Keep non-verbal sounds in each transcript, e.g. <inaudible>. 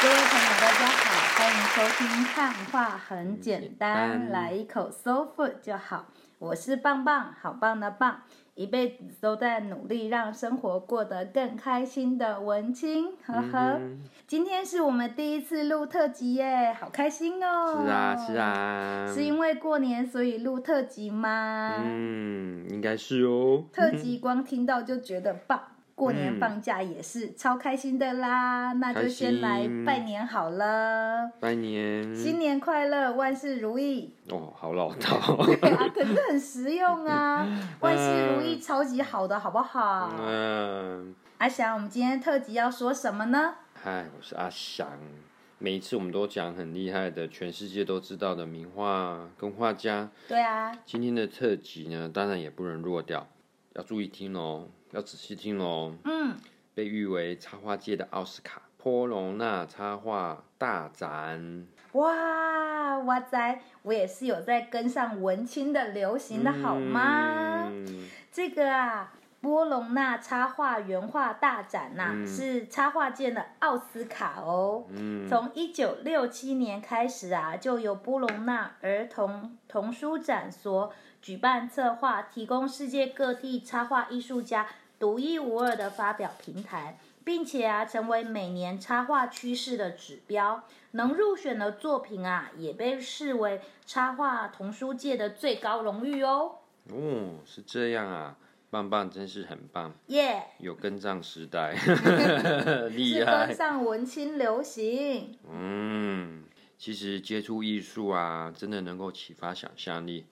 各位朋友，大家好，歡迎收聽《看畫很簡單》，嗯，來一口 Soul Food 就好。我是棒棒，好棒的棒，一輩子都在努力讓生活過得更開心的文青，呵呵。嗯、哼今天是我們第一次錄特輯耶，好開心哦！是啊，是啊，是因為過年所以錄特輯嗎？嗯，應該是哦。 <laughs> 特輯光聽到就覺得棒。過年放假也是、嗯、超開心的啦，那就先來拜年好了。拜年，新年快樂，萬事如意。哦，好老套、哦 <laughs> 啊，可是很實用啊！萬事如意，超級好的，呃、好不好？嗯、呃。阿翔，我們今天特輯要說什麼呢？嗨，我是阿翔，每一次我們都講很厲害的，全世界都知道的名畫跟畫家。對啊。今天的特輯呢，當然也不能弱掉，要注意聽哦。要仔細聽嘍、哦。嗯，被譽為插畫界的奧斯卡——波隆納插畫大展。哇哇塞！我也是有在跟上文青的流行的、嗯、好嗎？這個啊，波隆納插畫原畫大展吶、啊，嗯、是插畫界的奧斯卡哦。嗯、從一九六七年開始啊，就有波隆納兒童童書展所。舉辦策劃，提供世界各地插畫藝術家獨一無二的發表平台，並且啊，成為每年插畫趨勢的指標。能入選的作品啊，也被視為插畫童書界的最高榮譽哦。哦，是這樣啊，棒棒，真是很棒。耶 Yeah，有跟上時代， <laughs> <laughs> 厲害。是跟上文青流行。嗯，其實接觸藝術啊，真的能夠啟發想象力。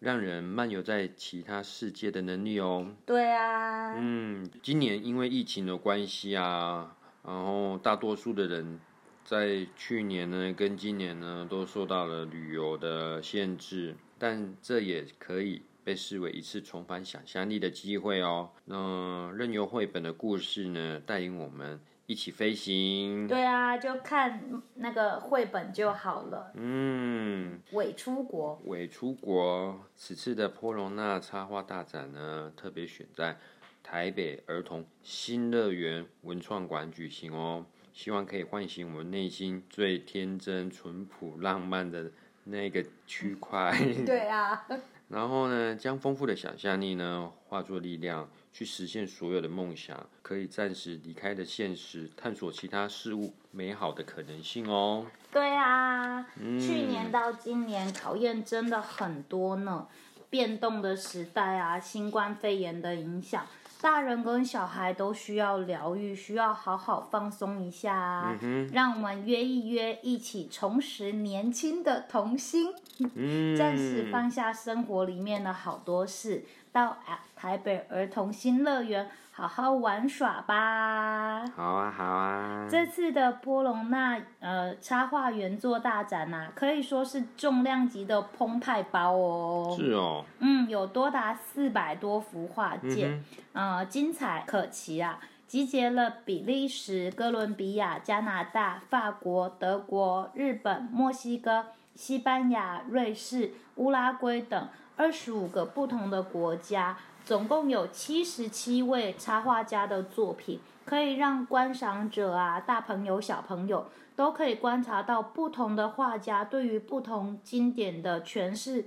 讓人漫遊在其他世界的能力哦。對啊。嗯，今年因為疫情的關係啊，然後大多數的人在去年呢跟今年呢都受到了旅遊的限制，但這也可以被視為一次重返想象力的機會哦。那任由繪本的故事呢帶領我們。一起飛行？對啊，就看那個繪本就好了。嗯。偽出國。偽出國。此次的波隆納插畫大展呢，特別選在台北兒童新樂園文創館舉行哦，希望可以喚醒我們內心最天真、淳樸、浪漫的那個區塊。嗯、對啊。然後呢，將豐富的想象力呢，化作力量。去實現所有的夢想，可以暫時離開的現實，探索其他事物美好的可能性哦。對啊，嗯、去年到今年考驗真的很多呢，變動的時代啊，新冠肺炎的影響，大人跟小孩都需要療癒，需要好好放鬆一下，啊。嗯、哼讓我們約一約，一起重拾年輕的童心，嗯、 <laughs> 暫時放下生活裡面的好多事，到啊台北兒童新樂園，好好玩耍吧！好啊，好啊！這次的波隆納呃插畫原作大展吶、啊，可以說是重量級的澎湃包哦。是哦。嗯，有多達四百多幅畫件，嗯、哼呃，精彩可期啊！集結了比利時、哥倫比亞、加拿大、法國、德國、日本、墨西哥、西班牙、瑞士、烏拉圭等二十五個不同的國家。總共有七十七位插畫家的作品，可以讓觀賞者啊，大朋友、小朋友都可以觀察到不同的畫家對於不同經典的詮釋，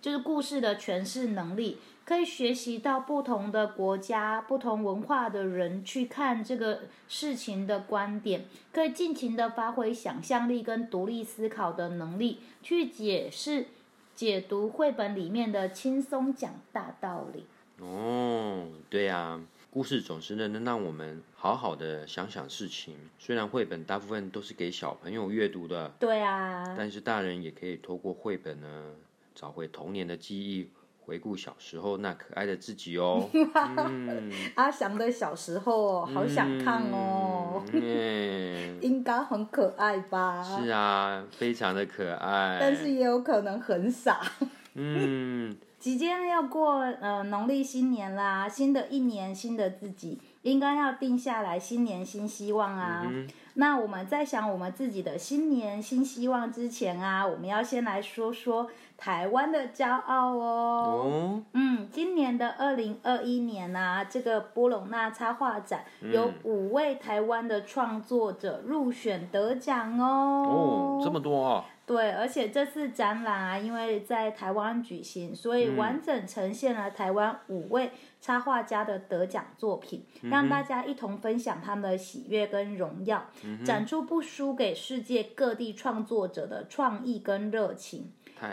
就是故事的詮釋能力，可以學習到不同的國家、不同文化的人去看這個事情的觀點，可以盡情的發揮想象力跟獨立思考的能力，去解釋、解讀繪本裡面的輕鬆講大道理。哦，對呀，故事總是能讓我們好好的想想事情。雖然繪本大部分都是給小朋友閱讀的，對啊，但是大人也可以透過繪本呢，找回童年的記憶，回顧小時候那可愛的自己哦。 <laughs> 嗯、 <laughs> 阿翔的小時候，好想看哦。嗯、 <laughs> 應該很可愛吧？是啊，非常的可愛。但是也有可能很傻。 <laughs> 嗯。即將要過呃農曆新年啦，新的一年，新的自己，應該要定下來，新年新希望啊。嗯、哼那我們在想我們自己的新年新希望之前啊，我們要先來說說台灣的驕傲哦。哦嗯，今年的二零二一年啊，這個波隆納插畫展有五位台灣的創作者入選得獎哦。哦，這麼多啊。對，而且這次展覽啊，因為在台灣舉行，所以完整呈現了台灣五位插畫家的得獎作品，嗯、哼讓大家一同分享他們的喜悅跟榮耀，嗯、哼展出不輸給世界各地創作者的創意跟熱情。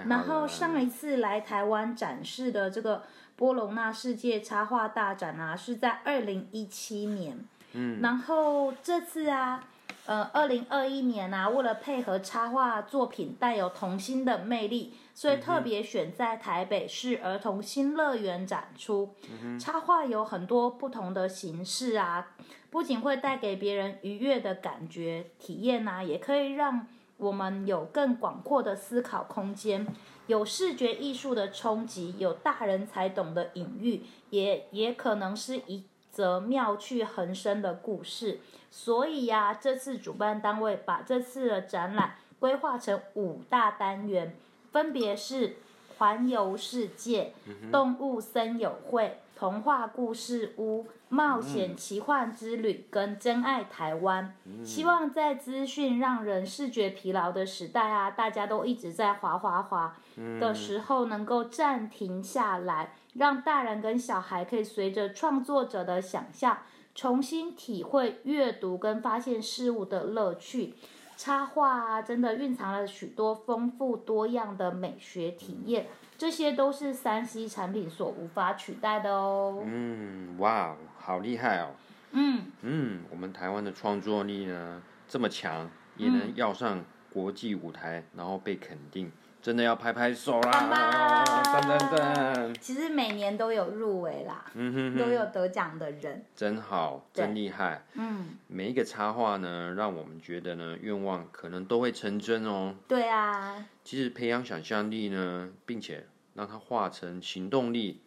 然後上一次來台灣展示的這個波隆納世界插畫大展啊，是在二零一七年。嗯、然後這次啊。嗯，二零二一年呐、啊，為了配合插畫作品帶有童心的魅力，所以特別選在台北市兒童新樂園展出。嗯、哼插畫有很多不同的形式啊，不僅會帶給別人愉悅的感覺體驗呐、啊，也可以讓我們有更廣闊的思考空間，有視覺藝術的衝擊，有大人才懂的隱喻，也也可能是一。則妙趣橫生的故事，所以呀、啊，這次主辦單位把這次的展覽規劃成五大單元，分別是環遊世界、動物森友會。童話故事屋、冒險奇幻之旅、嗯、跟真愛台灣，嗯、希望在資訊讓人視覺疲勞的時代啊，大家都一直在滑滑滑的時候，能夠暫停下來，嗯、讓大人跟小孩可以隨着創作者的想象，重新體會閱讀跟發現事物的樂趣。插畫啊，真的蘊藏了許多豐富多樣的美學體驗。嗯這些都是三 C 產品所無法取代的哦。嗯，哇，好厲害哦。嗯嗯，我們臺灣的創作力呢這麼強，也能要上國際舞台，然後被肯定。真的要拍拍手啦！等等等，當當當其實每年都有入圍啦，嗯、哼哼都有得獎的人，真好，對真厲害。嗯，每一個插畫呢，讓我們覺得呢，願望可能都會成真哦。對啊，其實培養想象力呢，並且讓它化成行動力。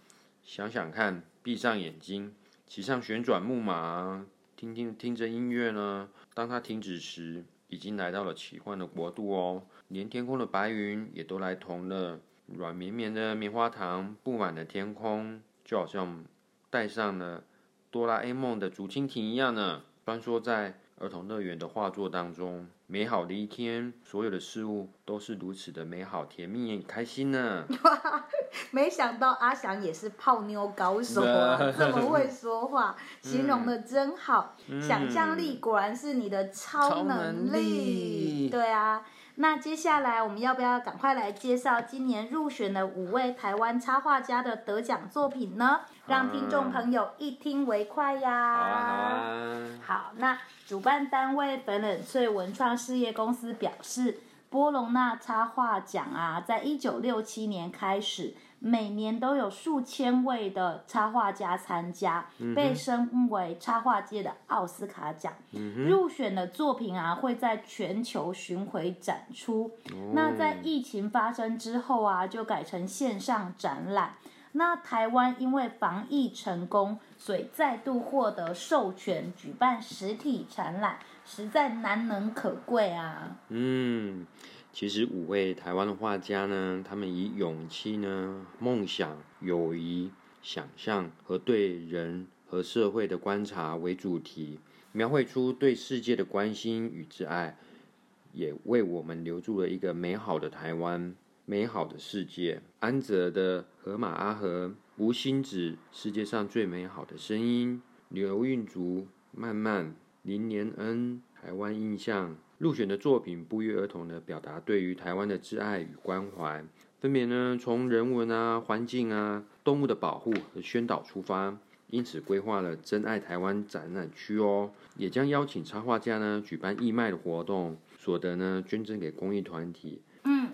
想想看，閉上眼睛，騎上旋轉木馬，聽聽聽著音樂呢。當它停止時，已經來到了奇幻的國度哦。連天空的白雲也都來同了，軟綿綿的棉花糖布滿了天空，就好像戴上了哆啦 A 夢的竹蜻蜓一樣呢，穿梭在兒童樂園的畫作當中。美好的一天，所有的事物都是如此的美好、甜蜜、開心呢、啊。 <laughs> 沒想到阿翔也是泡妞高手、啊， <laughs> 這麼會說話，形容得真好，嗯、想象力果然是你的超能力。超能力對啊。那接下來我們要不要趕快來介紹今年入選的五位台灣插畫家的得獎作品呢？讓聽眾朋友一聽為快呀！好，好，好，那主辦單位本冷萃文創事業公司表示，波隆納插畫獎啊，在一九六七年開始。每年都有數千位的插畫家參加，嗯、哼被稱為插畫界的奧斯卡獎。嗯、哼入選的作品啊，會在全球巡迴展出。哦、那在疫情發生之後啊，就改成線上展覽。那台灣因為防疫成功，所以再度獲得授權舉辦實體展覽，實在難能可貴啊。嗯。其實五位台灣的畫家呢，他們以勇氣呢、夢想、友誼、想象和對人和社會的觀察為主題，描繪出對世界的關心與摯愛，也為我們留住了一個美好的台灣、美好的世界。安哲的河馬阿河、吳欣芷世界上最美好的聲音、劉韻竹慢慢、林廉恩台灣印象。入選的作品不約而同地表達對於台灣的摯愛與關懷，分別呢，從人文啊、環境啊、動物的保護和宣導出發，因此規劃了“珍愛台灣”展覽區哦，也將邀請插畫家呢舉辦義賣的活動，所得呢捐贈給公益團體。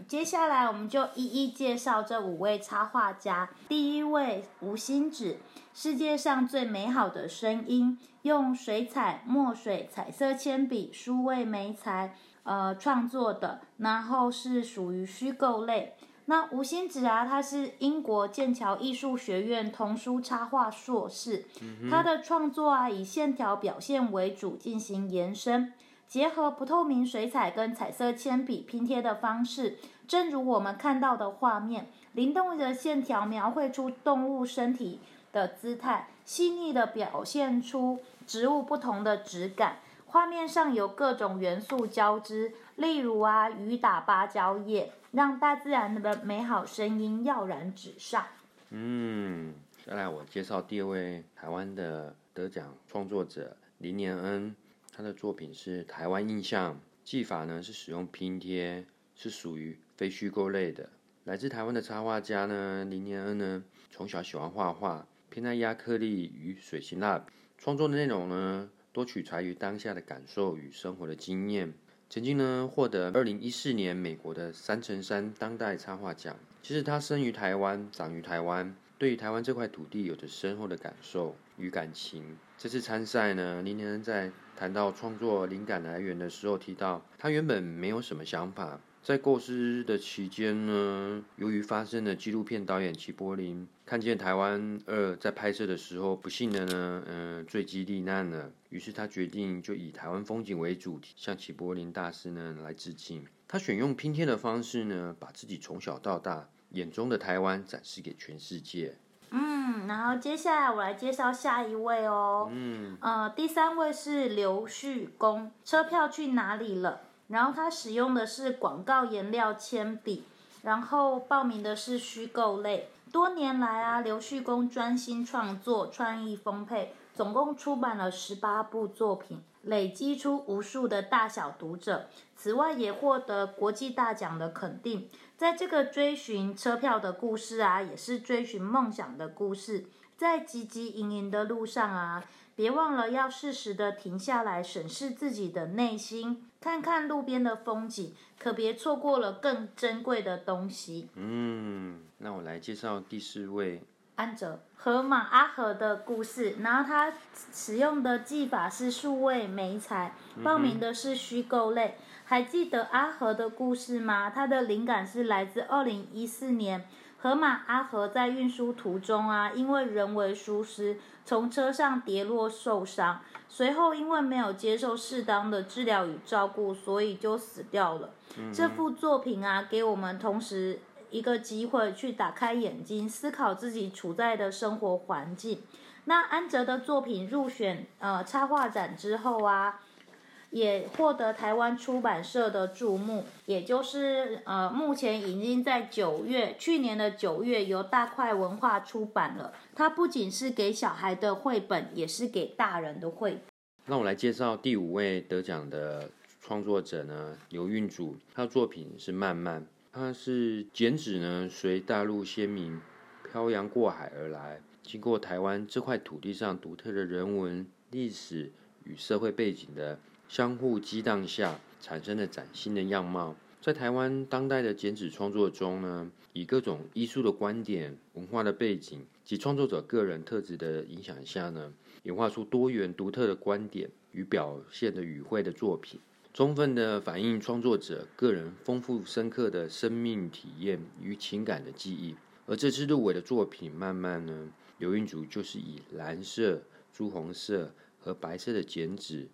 接下來我們就一一介紹這五位插畫家。第一位，吳欣芷，世界上最美好的聲音，用水彩、墨水、彩色鉛筆、書味媒材呃創作的。然後是屬於虛構類。那吳欣芷啊，他是英國劍橋藝術學院童書插畫碩士。他的創作啊以線條表現為主，進行延伸，結合不透明水彩跟彩色鉛筆拼貼的方式。正如我們看到的畫面，靈動的線條描繪出動物身體的姿態，細膩地表現出植物不同的質感。畫面上有各種元素交織，例如啊，雨打芭蕉葉，讓大自然的美好聲音躍然紙上。嗯，下來我介紹第二位台灣的得獎創作者林廉恩，他的作品是《台灣印象》，技法呢是使用拼貼，是屬於。非虛構類的，來自台灣的插畫家呢，林廉恩呢，從小喜歡畫畫，偏愛壓克力與水性蠟筆，創作的內容呢，多取材於當下的感受與生活的經驗。曾經呢，獲得二零一四年美國的三乘三當代插畫獎。其實他生於台灣，長於台灣，對於台灣這塊土地有着深厚的感受與感情。這次參賽呢，林廉恩在談到創作靈感來源的時候提到，他原本沒有什麼想法。在構思的期間呢，由於發生了紀錄片導演齊柏林看見《台灣二》在拍攝的時候，不幸的呢，嗯、呃，墜機罹難了。於是他決定就以台灣風景為主題，向齊柏林大師呢來致敬。他選用拼貼的方式呢，把自己從小到大眼中的台灣展示給全世界。嗯，然後接下來我來介紹下一位哦。嗯，呃，第三位是劉旭恭，車票去哪裡了？然後他使用的是廣告顏料鉛筆，然後報名的是虛構類。多年來啊，劉旭恭專心創作，創意豐沛，總共出版了十八部作品，累積出無數的大小讀者。此外，也獲得國際大獎的肯定。在這個追尋車票的故事啊，也是追尋夢想的故事，在汲汲營營的路上啊。別忘了要適時的停下來審視自己的內心，看看路邊的風景，可別錯過了更珍貴的東西。嗯，那我來介紹第四位，安哲河馬阿河的故事。然後他使用的技法是數位媒材，報名的是虛構類。嗯嗯，還記得阿河的故事嗎？他的靈感是來自二零一四年。河馬阿河在運輸途中啊，因為人為疏失從車上跌落受傷，隨後因為沒有接受適當的治療與照顧，所以就死掉了。嗯嗯，這幅作品啊，給我們同時一個機會去打開眼睛，思考自己處在的生活環境。那安哲的作品入選呃插畫展之後啊。也獲得台灣出版社的注目，也就是呃，目前已經在九月，去年的九月由大塊文化出版了。它不僅是給小孩的繪本，也是給大人的繪本。那我來介紹第五位得獎的創作者呢，劉韻竹，他的作品是《慢慢》，他是剪紙呢，隨大陸先民漂洋過海而來，經過台灣這塊土地上獨特的人文、歷史與社會背景的。相互激盪下產生了嶄新的樣貌，在台灣當代的剪紙創作中呢，以各種藝術的觀點、文化的背景及創作者個人特質的影響下呢，演化出多元獨特的觀點與表現的語彙的作品，充分地反映創作者個人豐富深刻的生命體驗與情感的記憶。而這次入圍的作品，慢慢呢，劉韻竹就是以藍色、朱紅色和白色的剪紙。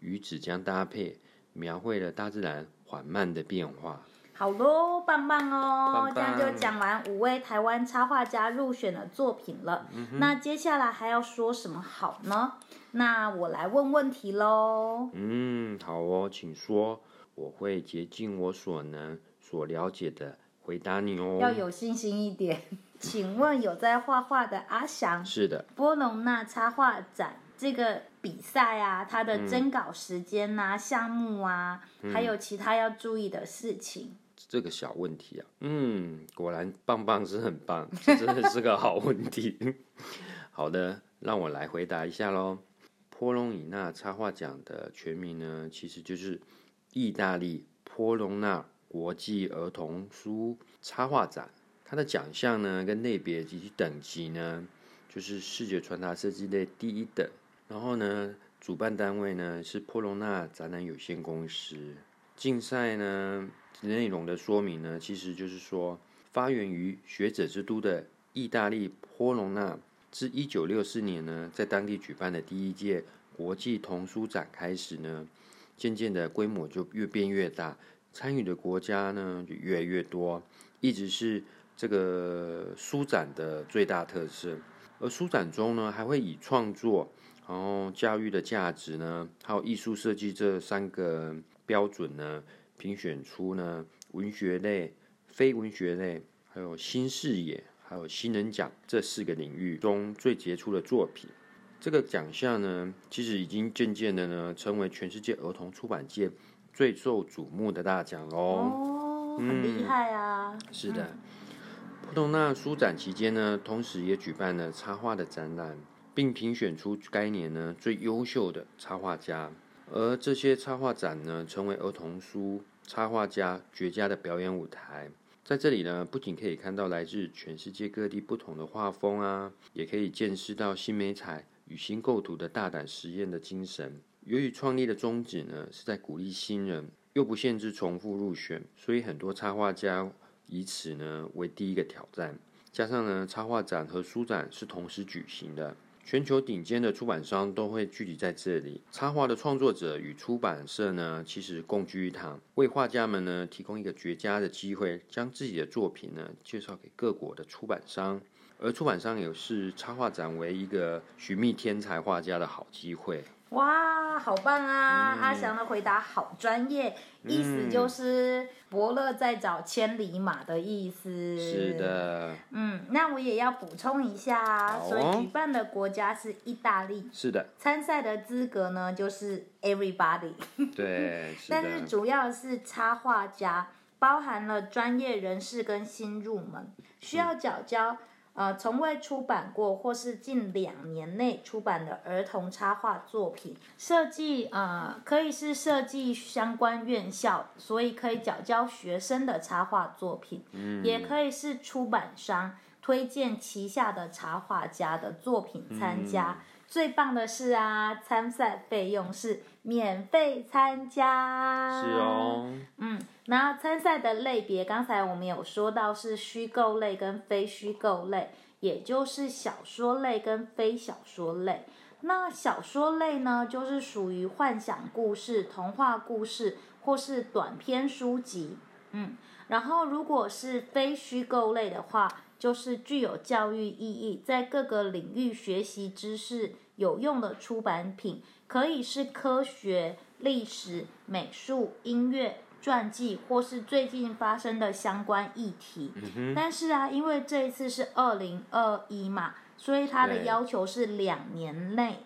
與紙張搭配，描繪了大自然緩慢的變化。好咯，棒棒哦！棒棒這樣就講完五位台灣插畫家入選的作品了。嗯、哼那接下來還要說什麼好呢？那我來問問題嘍。嗯，好哦，請說。我會竭盡我所能、所了解的回答你哦。要有信心一點。請問有在畫畫的阿翔？是的。波隆納插畫展。這個比賽啊，它的徵稿時間吶、啊、項、嗯、目啊，還有其他要注意的事情、嗯。這個小問題啊，嗯，果然棒棒是很棒，這真的是個好問題。 <laughs> <laughs> 好的，讓我來回答一下嘍。波隆以納插畫獎的全名呢，其實就是意大利波隆納國際兒童書插畫展。它的獎項呢，跟類別及其等級呢，就是視覺傳達設計類第一等。然後呢，主辦單位呢是波隆納展覽有限公司。競賽呢內容的說明呢，其實就是說，發源於學者之都的意大利波隆納，自一九六四年呢，在當地舉辦的第一屆國際童書展開始呢，漸漸的規模就越變越大，參與的國家呢就越來越多，一直是這個書展的最大特色。而書展中呢，還會以創作。然後教育的價值呢，還有藝術設計這三個標準呢，評選出呢文學類、非文學類、還有新視野，還有新人獎這四個領域中最傑出的作品。這個獎項呢，其實已經漸漸的呢，成為全世界兒童出版界最受矚目的大獎嘍、哦。哦，很厲害啊！嗯、是的，波隆、嗯、納書展期間呢，同時也舉辦了插畫的展覽。並評選出該年呢最優秀的插畫家，而這些插畫展呢，成為兒童書插畫家絕佳的表演舞台。在這裡呢，不僅可以看到來自全世界各地不同的畫風啊，也可以見識到新媒材與新構圖的大膽實驗的精神。由於創立的宗旨呢是在鼓勵新人，又不限制重複入選，所以很多插畫家以此呢為第一個挑戰。加上呢，插畫展和書展是同時舉行的。全球頂尖的出版商都會聚集在這裡，插畫的創作者與出版社呢，其實共聚一堂，為畫家們呢提供一個絕佳的機會，將自己的作品呢介紹給各國的出版商，而出版商也視插畫展為一個尋覓天才畫家的好機會。哇，好棒啊！嗯、阿翔的回答好專業，嗯、意思就是伯樂在找千里馬的意思。是的。嗯，那我也要補充一下、啊，哦、所以舉辦的國家是意大利。是的。參賽的資格呢，就是 everybody。 <laughs> 對。是的。但是主要是插畫家，包含了專業人士跟新入門，需要繳交。呃，從未出版過，或是近兩年內出版的兒童插畫作品設計，呃，可以是設計相關院校，所以可以繳交學生的插畫作品，嗯，也可以是出版商，推薦旗下的插畫家的作品參加，嗯、最棒的是啊，參賽費用是免費參加。是哦。嗯，那參賽的類別，剛才我們有說到是虛構類跟非虛構類，也就是小說類跟非小說類。那小說類呢，就是屬於幻想故事、童話故事或是短篇書籍。嗯，然後如果是非虛構類的話。就是具有教育意義，在各個領域學習知識有用的出版品，可以是科學、歷史、美術、音樂、傳記，或是最近發生的相關議題。嗯、哼但是啊，因為這一次是二零二一嘛，所以它的要求是兩年內。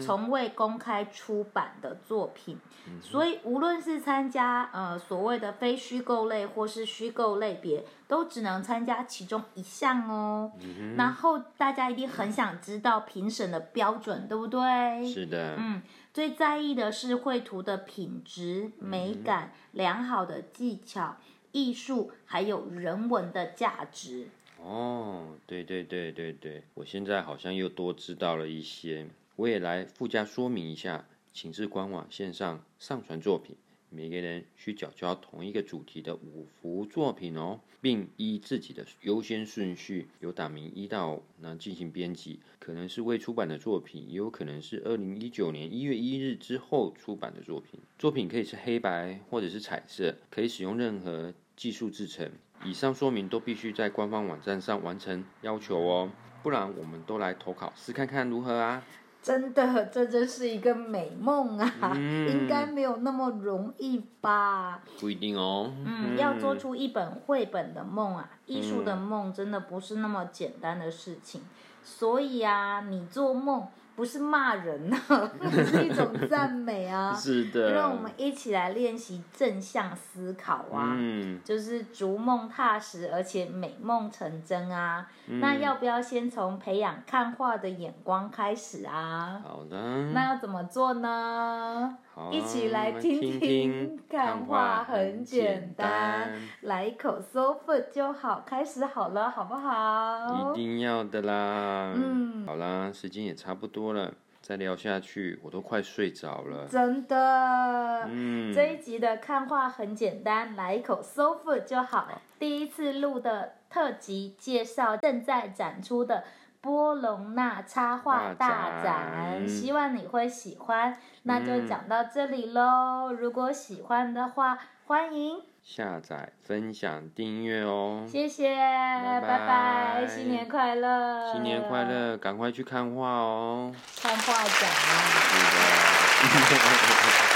從未公開出版的作品，嗯哼。所以無論是參加呃所謂的非虛構類或是虛構類別，都只能參加其中一項哦。嗯哼。然後大家一定很想知道評審的標準，對不對？是的。嗯，最在意的是繪圖的品質、美感、嗯哼。良好的技巧、藝術還有人文的價值。哦，對對對對對對，我現在好像又多知道了一些。我也來附加說明一下，請至官網線上上傳作品。每個人需繳交同一個主題的五幅作品哦，並依自己的優先順序由打明一到五進行編輯。可能是未出版的作品，也有可能是二零一九年一月一日之後出版的作品。作品可以是黑白或者是彩色，可以使用任何技術製成。以上說明都必須在官方網站上完成要求哦，不然我們都來投稿試看看如何啊！真的，這真是一個美夢啊！嗯、應該沒有那麼容易吧？不一定哦。嗯，嗯要做出一本繪本的夢啊，嗯、藝術的夢真的不是那麼簡單的事情。所以啊，你做夢。不是罵人呢？啊， <laughs> 是一種讚美啊！ <laughs> 是的，讓我們一起來練習正向思考啊！嗯、就是逐夢踏實，而且美夢成真啊！嗯、那要不要先從培養看畫的眼光開始啊？好的。那要怎麼做呢？啊、一起來聽聽，聽，聽看畫很簡單，簡單來一口嗦粉就好，開始好了，好不好？一定要的啦。嗯，好啦，時間也差不多了，再聊下去我都快睡着了。真的。嗯，這一集的看畫很簡單，來一口嗦粉就好。好，第一次錄的特輯介紹正在展出的。波隆納插畫大展，展希望你會喜歡。嗯、那就講到這裡嘍，如果喜歡的話，歡迎下載、分享、訂閱哦。謝謝，拜拜，拜拜，新年快樂！新年快樂，趕快去看畫哦。看畫展、啊。是的 <laughs>